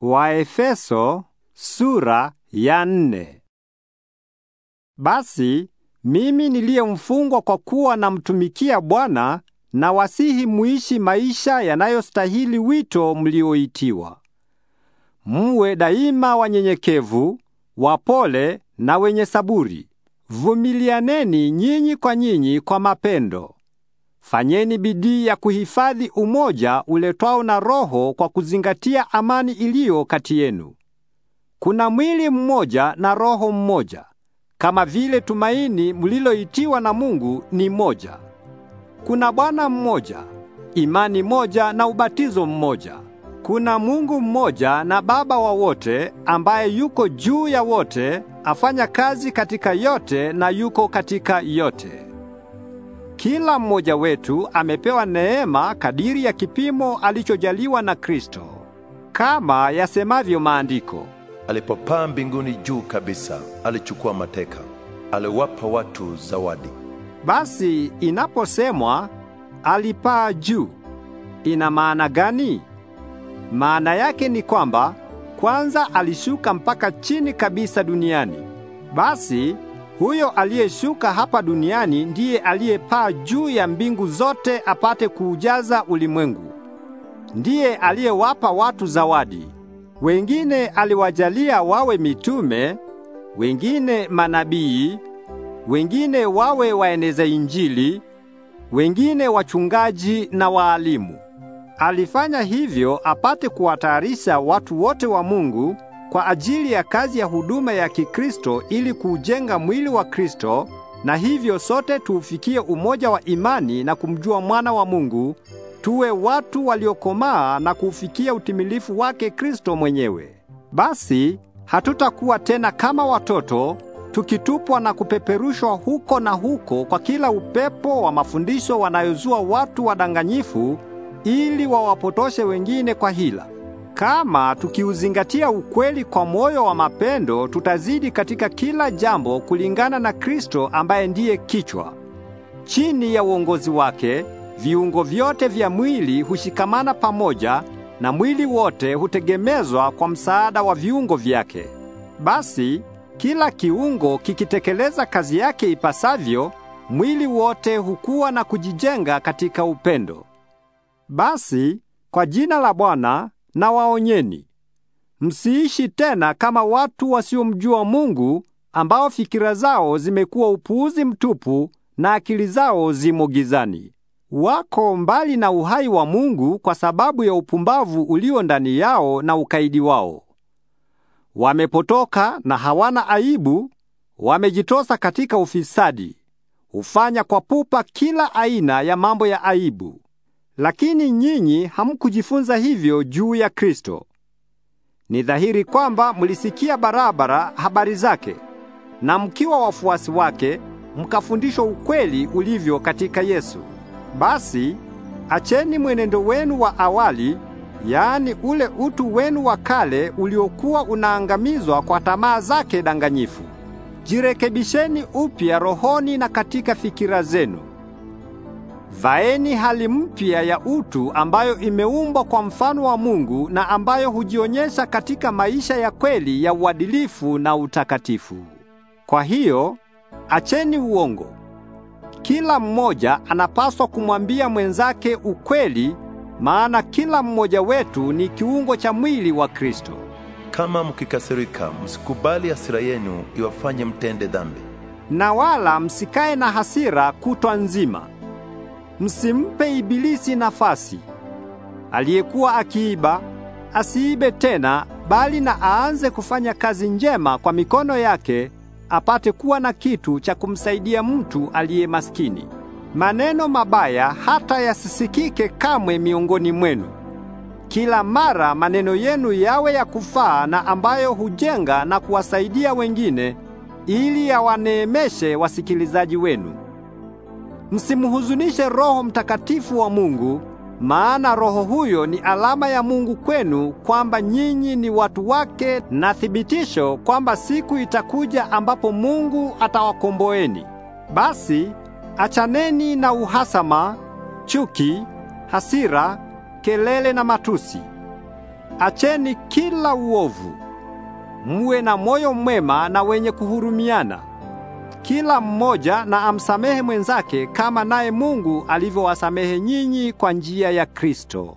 Waefeso sura ya nne. Basi mimi niliye mfungwa kwa kuwa namtumikia Bwana na wasihi muishi maisha yanayostahili wito mlioitiwa. Mwe daima wanyenyekevu, wapole na wenye saburi. Vumilianeni nyinyi kwa nyinyi kwa mapendo. Fanyeni bidii ya kuhifadhi umoja uletwao na Roho kwa kuzingatia amani iliyo kati yenu. Kuna mwili mmoja na Roho mmoja, kama vile tumaini mliloitiwa na Mungu ni moja. Kuna Bwana mmoja, imani moja na ubatizo mmoja. Kuna Mungu mmoja na Baba wa wote, ambaye yuko juu ya wote, afanya kazi katika yote na yuko katika yote. Kila mmoja wetu amepewa neema kadiri ya kipimo alichojaliwa na Kristo. Kama yasemavyo maandiko, alipopaa mbinguni juu kabisa, alichukua mateka, aliwapa watu zawadi. Basi inaposemwa alipaa juu, ina maana gani? Maana yake ni kwamba kwanza alishuka mpaka chini kabisa duniani. Basi huyo aliyeshuka hapa duniani ndiye aliyepaa juu ya mbingu zote apate kuujaza ulimwengu. Ndiye aliyewapa watu zawadi. Wengine aliwajalia wawe mitume, wengine manabii, wengine wawe waeneza Injili, wengine wachungaji na waalimu. Alifanya hivyo apate kuwatayarisha watu wote wa Mungu kwa ajili ya kazi ya huduma ya Kikristo ili kuujenga mwili wa Kristo na hivyo sote tuufikie umoja wa imani na kumjua mwana wa Mungu, tuwe watu waliokomaa na kuufikia utimilifu wake Kristo mwenyewe. Basi hatutakuwa tena kama watoto tukitupwa na kupeperushwa huko na huko kwa kila upepo wa mafundisho wanayozua watu wadanganyifu ili wawapotoshe wengine kwa hila. Kama tukiuzingatia ukweli kwa moyo wa mapendo, tutazidi katika kila jambo kulingana na Kristo ambaye ndiye kichwa. Chini ya uongozi wake, viungo vyote vya mwili hushikamana pamoja na mwili wote hutegemezwa kwa msaada wa viungo vyake. Basi kila kiungo kikitekeleza kazi yake ipasavyo, mwili wote hukua na kujijenga katika upendo. Basi kwa jina la Bwana na waonyeni. Msiishi tena kama watu wasiomjua Mungu ambao fikira zao zimekuwa upuuzi mtupu na akili zao zimo gizani. Wako mbali na uhai wa Mungu kwa sababu ya upumbavu ulio ndani yao na ukaidi wao. Wamepotoka na hawana aibu, wamejitosa katika ufisadi. Hufanya kwa pupa kila aina ya mambo ya aibu. Lakini nyinyi hamkujifunza hivyo juu ya Kristo. Ni dhahiri kwamba mlisikia barabara habari zake na mkiwa wafuasi wake mkafundishwa ukweli ulivyo katika Yesu. Basi acheni mwenendo wenu wa awali, yaani ule utu wenu wa kale uliokuwa unaangamizwa kwa tamaa zake danganyifu. Jirekebisheni upya rohoni na katika fikira zenu Vaeni hali mpya ya utu ambayo imeumbwa kwa mfano wa Mungu na ambayo hujionyesha katika maisha ya kweli ya uadilifu na utakatifu. Kwa hiyo, acheni uongo. Kila mmoja anapaswa kumwambia mwenzake ukweli, maana kila mmoja wetu ni kiungo cha mwili wa Kristo. Kama mkikasirika, msikubali hasira yenu iwafanye mtende dhambi. Na wala msikae na hasira kutwa nzima. Msimpe ibilisi nafasi. Aliyekuwa akiiba asiibe tena, bali na aanze kufanya kazi njema kwa mikono yake, apate kuwa na kitu cha kumsaidia mtu aliye maskini. Maneno mabaya hata yasisikike kamwe miongoni mwenu. Kila mara maneno yenu yawe ya kufaa na ambayo hujenga na kuwasaidia wengine, ili yawaneemeshe wasikilizaji wenu. Msimhuzunishe Roho Mtakatifu wa Mungu, maana roho huyo ni alama ya Mungu kwenu kwamba nyinyi ni watu wake na thibitisho kwamba siku itakuja ambapo Mungu atawakomboeni. Basi achaneni na uhasama, chuki, hasira, kelele na matusi. Acheni kila uovu. Muwe na moyo mwema na wenye kuhurumiana. Kila mmoja na amsamehe mwenzake kama naye Mungu alivyowasamehe nyinyi kwa njia ya Kristo.